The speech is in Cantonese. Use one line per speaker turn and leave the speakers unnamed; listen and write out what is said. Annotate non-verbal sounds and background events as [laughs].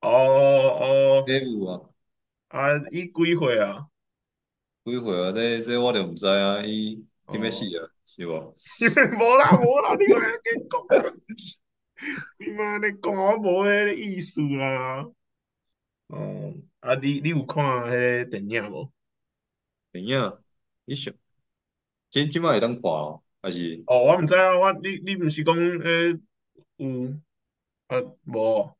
哦哦，哦，有啊，啊，伊幾歲、這個、啊？幾歲、哦、 [laughs] 啊？這 [laughs] 這我就毋知影伊要死啊，是無？
無啦無啦，汝莫安尼講，汝莫安尼講，我無迄個意思啦。哦、嗯，啊汝汝有看迄個電影無？
電影，汝想，即即擺會當看、哦，還是？哦，我
毋知影、啊。我汝汝毋是講迄有啊無？